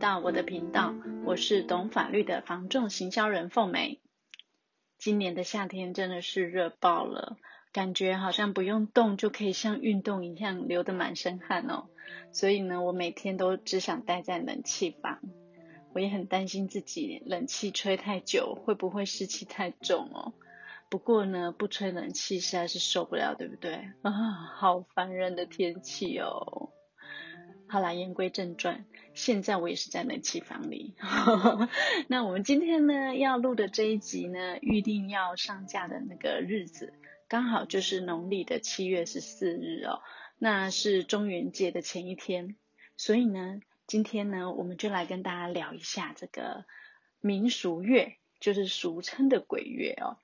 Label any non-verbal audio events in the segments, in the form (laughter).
到我的頻道，我是懂法律的房仲行銷人鳳美。今年的夏天真的是熱爆了，感覺好像不用動就可以像運動一樣流得滿身汗哦。所以呢，我每天都只想待在冷氣房。我也很擔心自己冷氣吹太久會不會濕氣太重哦。不過呢，不吹冷氣實在是受不了，對不對？啊，好煩人的天氣哦。好了，言歸正傳，現在我也是在冷氣房裡。 (laughs) 那我們今天呢要錄的這一集呢，預定要上架的那個日子，剛好就是農曆的七月十四日哦，那是中元節的前一天。所以呢，今天呢，我們就來跟大家聊一下這個民俗月，就是俗稱的鬼月哦。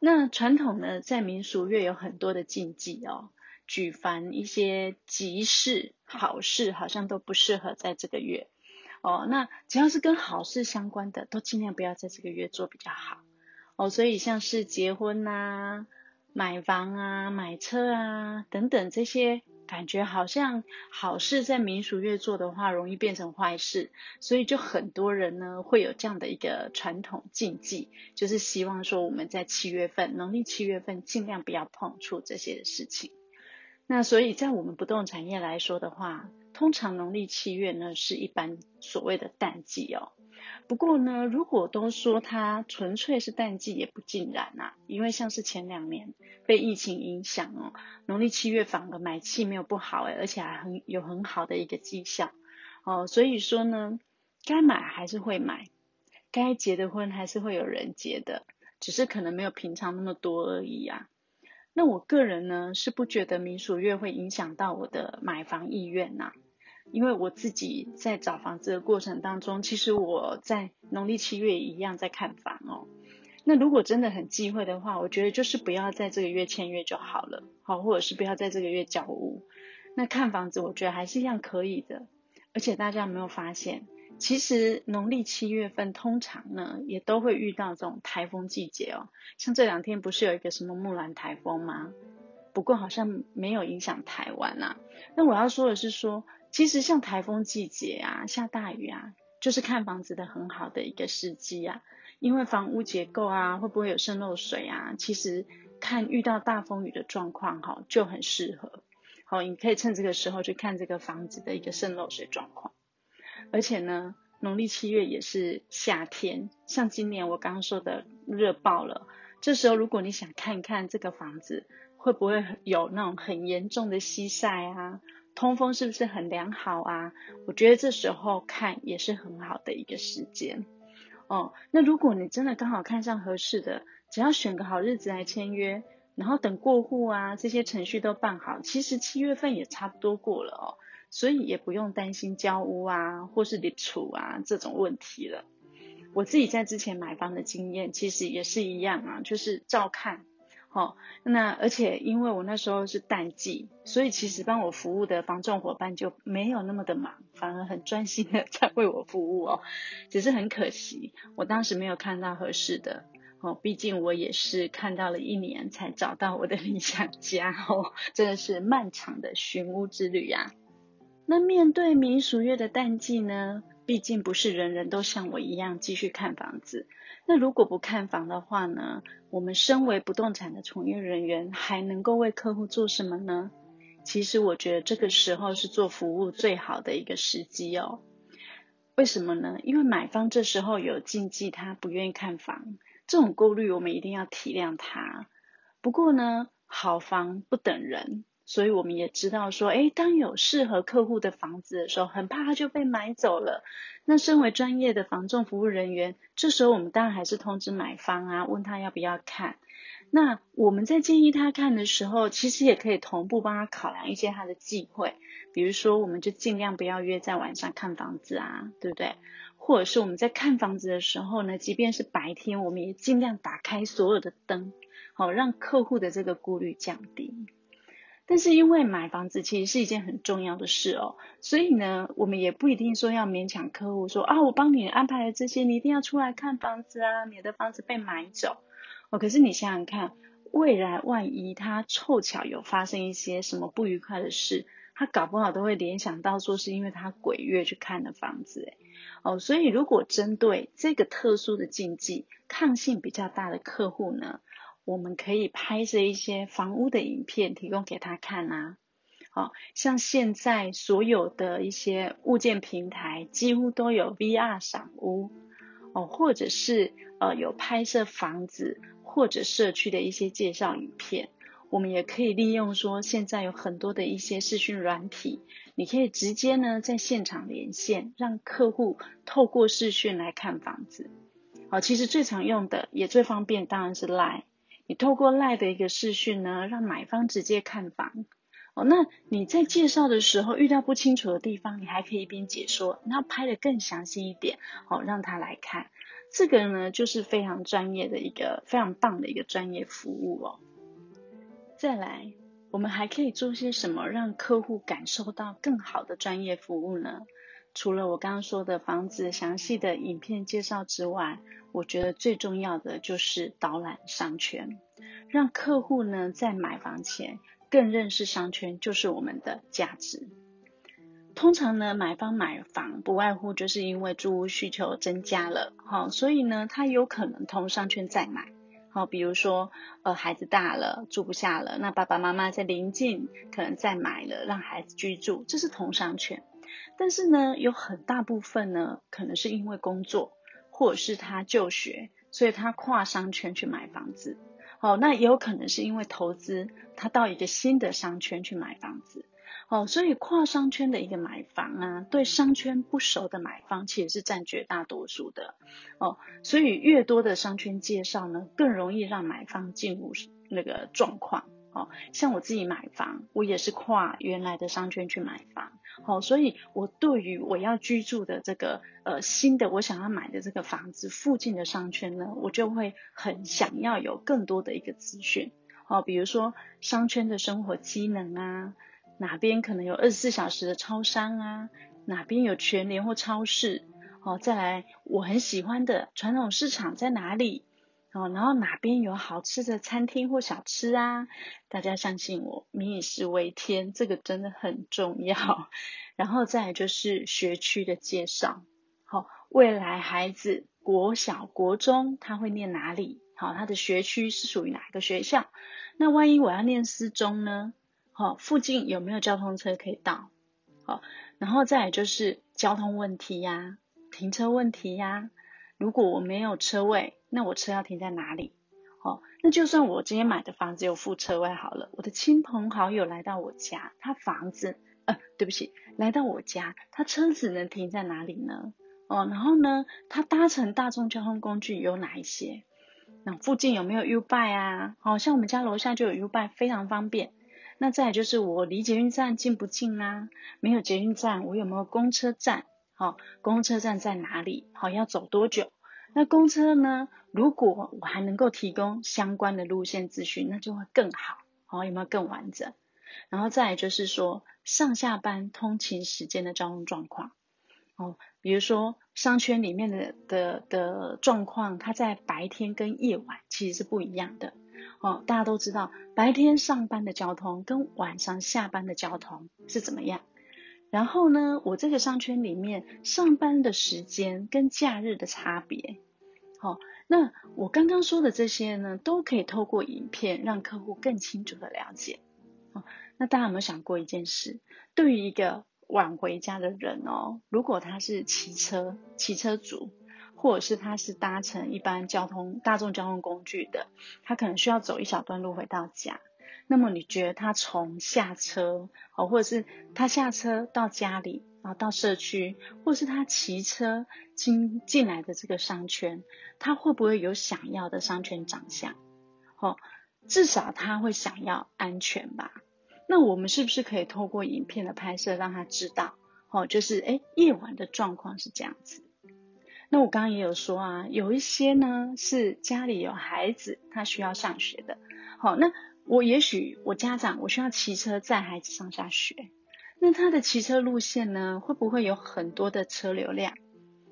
那傳統呢，在民俗月有很多的禁忌哦。舉凡一些吉事、好事，好像都不適合在這個月哦。那只要是跟好事相關的，都儘量不要在這個月做比較好哦。所以像是結婚啊、買房啊、買車啊等等這些，感覺好像好事在民俗月做的話，容易變成壞事。所以就很多人呢會有這樣的一個傳統禁忌，就是希望說我們在七月份（農曆七月份）儘量不要碰觸這些事情。那所以，在我們不動產業來說的話，通常農曆七月呢是一般所謂的淡季哦。不過呢，如果都說它純粹是淡季，也不盡然吶、啊。因為像是前兩年被疫情影響哦，農曆七月反而買氣沒有不好誒，而且還很有很好的一個績效哦。所以說呢，該買還是會買，該結的婚還是會有人結的，只是可能沒有平常那麼多而已呀、啊。那我個人呢是不覺得民俗月會影響到我的買房意願吶，啊，因為我自己在找房子的過程當中，其實我在農曆七月一樣在看房哦。那如果真的很忌諱的話，我覺得就是不要在這個月簽約就好了，好，或者是不要在這個月交屋。那看房子我覺得還是一樣可以的，而且大家有沒有發現？其實農曆七月份通常呢，也都會遇到這種台風季節哦。像這兩天不是有一個什麼木蘭台風嗎？不過好像沒有影響台灣啊。那我要說的是說，其實像台風季節啊，下大雨啊，就是看房子的很好的一個時機啊。因為房屋結構啊，會不會有滲漏水啊？其實看遇到大風雨的狀況，哈，就很適合。好，你可以趁這個時候去看這個房子的一個滲漏水狀況。而且呢，農曆七月也是夏天，像今年我剛剛說的熱爆了。這時候如果你想看看這個房子，會不會有那種很嚴重的西曬啊，通風是不是很良好啊，我覺得這時候看也是很好的一個時間。哦，那如果你真的剛好看上合適的，只要選個好日子來簽約，然後等過戶啊，這些程序都辦好，其實七月份也差不多過了哦。所以也不用擔心交屋啊，或是立儲啊這種問題了。我自己在之前買房的經驗，其實也是一樣啊，就是照看哦。那而且因為我那時候是淡季，所以其實幫我服務的房仲夥伴就沒有那麼的忙，反而很專心的在為我服務哦。只是很可惜，我當時沒有看到合適的哦。畢竟我也是看到了一年才找到我的理想家哦，真的是漫長的尋屋之旅啊。那面對民俗月的淡季呢？畢竟不是人人都像我一樣繼續看房子。那如果不看房的話呢？我們身為不動產的從業人員，還能夠為客戶做什麼呢？其實我覺得這個時候是做服務最好的一個時機哦。為什麼呢？因為買方這時候有禁忌他，他不願意看房。這種顧慮我們一定要體諒他。不過呢，好房不等人。所以我們也知道說，誒，當有適合客戶的房子的時候，很怕他就被買走了。那身為專業的房仲服務人員，這時候我們當然還是通知買方啊，問他要不要看。那我們在建議他看的時候，其實也可以同步幫他考量一些他的忌諱，比如說我們就盡量不要約在晚上看房子啊，對不對？或者是我們在看房子的時候呢，即便是白天，我們也盡量打開所有的燈，好、哦、讓客戶的這個顧慮降低。但是因為買房子其實是一件很重要的事哦，所以呢，我們也不一定說要勉強客戶說啊，我幫你安排了這些，你一定要出來看房子啊，你的房子被買走。哦，可是你想想看，未來萬一他湊巧有發生一些什麼不愉快的事，他搞不好都會聯想到說是因為他鬼月去看的房子哎。哦，所以如果針對這個特殊的禁忌抗性比較大的客戶呢，我們可以拍攝一些房屋的影片，提供給他看啊，哦，像現在所有的一些物件平台幾乎都有 VR 賞屋哦，或者是呃有拍攝房子或者社區的一些介紹影片，我們也可以利用說現在有很多的一些視訊軟體，你可以直接呢在現場連線，讓客戶透過視訊來看房子。哦，其實最常用的，也最方便，當然是 Line。你透過 LINE 的一個視訊呢，讓買方直接看房哦。那你在介紹的時候遇到不清楚的地方，你還可以一邊解說，那拍得更詳細一點哦，讓他來看。這個呢，就是非常專業的一個非常棒的一個專業服務哦。再來，我們還可以做些什麼讓客戶感受到更好的專業服務呢？除了我剛剛說的房子詳細的影片介紹之外，我覺得最重要的就是導覽商圈，讓客戶呢在買房前更認識商圈，就是我們的價值。通常呢，買方買房不外乎就是因為住屋需求增加了，哦，所以呢，他有可能同商圈再買。好，哦，比如說，呃，孩子大了住不下了，那爸爸媽媽在臨近可能再買了，讓孩子居住，這是同商圈。但是呢，有很大部分呢，可能是因為工作，或者是他就學，所以他跨商圈去買房子。哦，那也有可能是因為投資，他到一個新的商圈去買房子。哦，所以跨商圈的一個買房啊，對商圈不熟的買方其實是占絕大多數的。哦，所以越多的商圈介紹呢，更容易讓買方進入那個狀況。哦，像我自己買房，我也是跨原來的商圈去買房。好，哦，所以我對於我要居住的這個呃新的我想要買的這個房子附近的商圈呢，我就會很想要有更多的一個資訊。哦，比如說商圈的生活機能啊，哪邊可能有二十四小時的超商啊，哪邊有全聯或超市。哦，再來我很喜歡的傳統市場在哪裡？然後哪邊有好吃的餐廳或小吃啊？大家相信我，民以食為天，這個真的很重要。然後再來就是學區的介紹，好，未來孩子國小、國中他會念哪裡？好，他的學區是屬於哪一個學校？那萬一我要念私中呢？好，附近有沒有交通車可以到？好，然後再來就是交通問題呀、啊，停車問題呀、啊。如果我沒有車位，那我車要停在哪裡？哦，那就算我今天買的房子有附車位好了。我的親朋好友來到我家，他房子呃，對不起，來到我家，他車子能停在哪裡呢？哦，然後呢，他搭乘大眾交通工具有哪一些？那附近有沒有 YouBike 啊？好、哦、像我們家樓下就有 YouBike，y, 非常方便。那再來就是我離捷運站近不近啊？沒有捷運站，我有沒有公車站？好、哦，公車站在哪裡？好、哦，要走多久？那公車呢？如果我還能夠提供相關的路線資訊，那就會更好哦。有沒有更完整？然後再來就是說，上下班通勤時間的交通狀況哦，比如說商圈裡面的的的狀況，它在白天跟夜晚其實是不一樣的哦。大家都知道，白天上班的交通跟晚上下班的交通是怎麼樣？然後呢，我這個商圈裡面上班的時間跟假日的差別，好、哦，那我剛剛說的這些呢，都可以透過影片讓客戶更清楚的了解。哦，那大家有沒有想過一件事？對於一個晚回家的人哦，如果他是騎車騎車族，或者是他是搭乘一般交通大眾交通工具的，他可能需要走一小段路回到家。那麼你覺得他從下車，哦，或者是他下車到家裡啊，到社區，或者是他騎車進進來的這個商圈，他會不會有想要的商圈長相？哦，至少他會想要安全吧？那我們是不是可以透過影片的拍攝讓他知道？哦，就是哎，夜晚的狀況是這樣子。那我剛剛也有說啊，有一些呢是家裡有孩子，他需要上學的。好，哦，那。我也許我家長，我需要騎車載孩子上下學，那他的騎車路線呢，會不會有很多的車流量？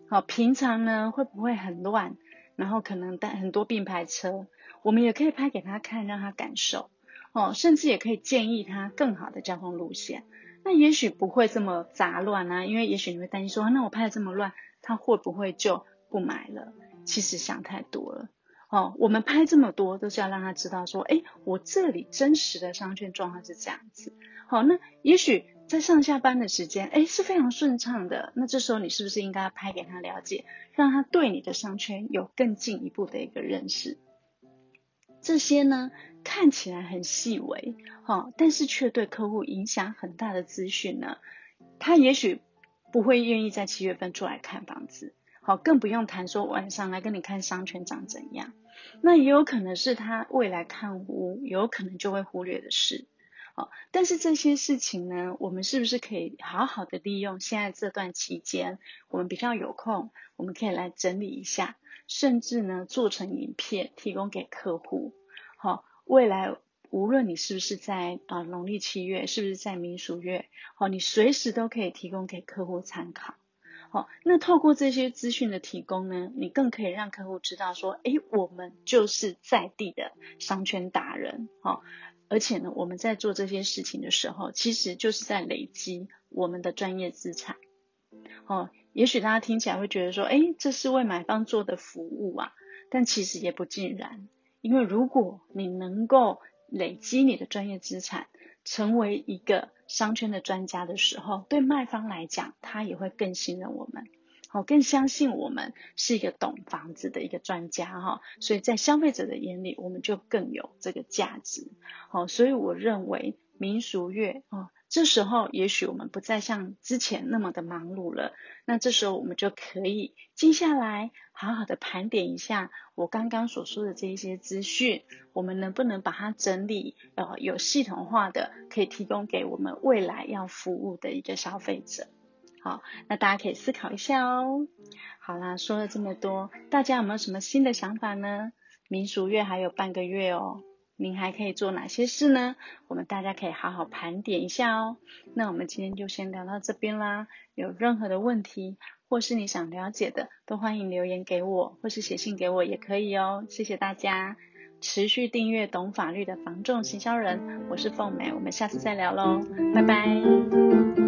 好，平常呢會不會很亂？然後可能帶很多並排車，我們也可以拍給他看，讓他感受哦，甚至也可以建議他更好的交通路線。那也許不會這麼雜亂啊，因為也許你會擔心說，那我拍的這麼亂，他會不會就不買了？其實想太多了。好、哦，我們拍這麼多都是要讓他知道說，哎，我這裡真實的商圈狀況是這樣子。好，那也許在上下班的時間，哎，是非常順暢的。那這時候你是不是應該拍給他了解，讓他對你的商圈有更進一步的一個認識？這些呢，看起來很細微，好、哦，但是卻對客戶影響很大的資訊呢，他也許不會願意在七月份出來看房子。好，更不用談說晚上來跟你看商圈長怎樣，那也有可能是他未來看屋有可能就會忽略的事。好，但是這些事情呢，我們是不是可以好好的利用現在這段期間，我們比較有空，我們可以來整理一下，甚至呢做成影片提供給客戶。好，未來無論你是不是在啊農曆七月，是不是在民俗月，好，你隨時都可以提供給客戶參考。好、哦，那透過這些資訊的提供呢，你更可以讓客戶知道說，哎，我們就是在地的商圈達人，好、哦，而且呢，我們在做這些事情的時候，其實就是在累積我們的專業資產。哦，也許大家聽起來會覺得說，哎，這是為買方做的服務啊，但其實也不盡然，因為如果你能夠累積你的專業資產，成為一個商圈的專家的時候，對賣方來講，他也會更信任我們，好，更相信我們是一個懂房子的一個專家哈。所以在消費者的眼裡，我們就更有這個價值，好，所以我認為民俗月。啊。這時候，也許我們不再像之前那麼的忙碌了。那這時候，我們就可以靜下來，好好的盤點一下我剛剛所說的這一些資訊，我們能不能把它整理，呃，有系統化的，可以提供給我們未來要服務的一個消費者？好，那大家可以思考一下哦。好啦，說了這麼多，大家有沒有什麼新的想法呢？民俗月還有半個月哦。您還可以做哪些事呢？我們大家可以好好盤點一下哦。那我們今天就先聊到這邊啦。有任何的問題或是你想了解的，都歡迎留言給我，或是寫信給我也可以哦。謝謝大家，持續訂閱懂法律的房仲行銷人，我是鳳美，我們下次再聊嘍，拜拜。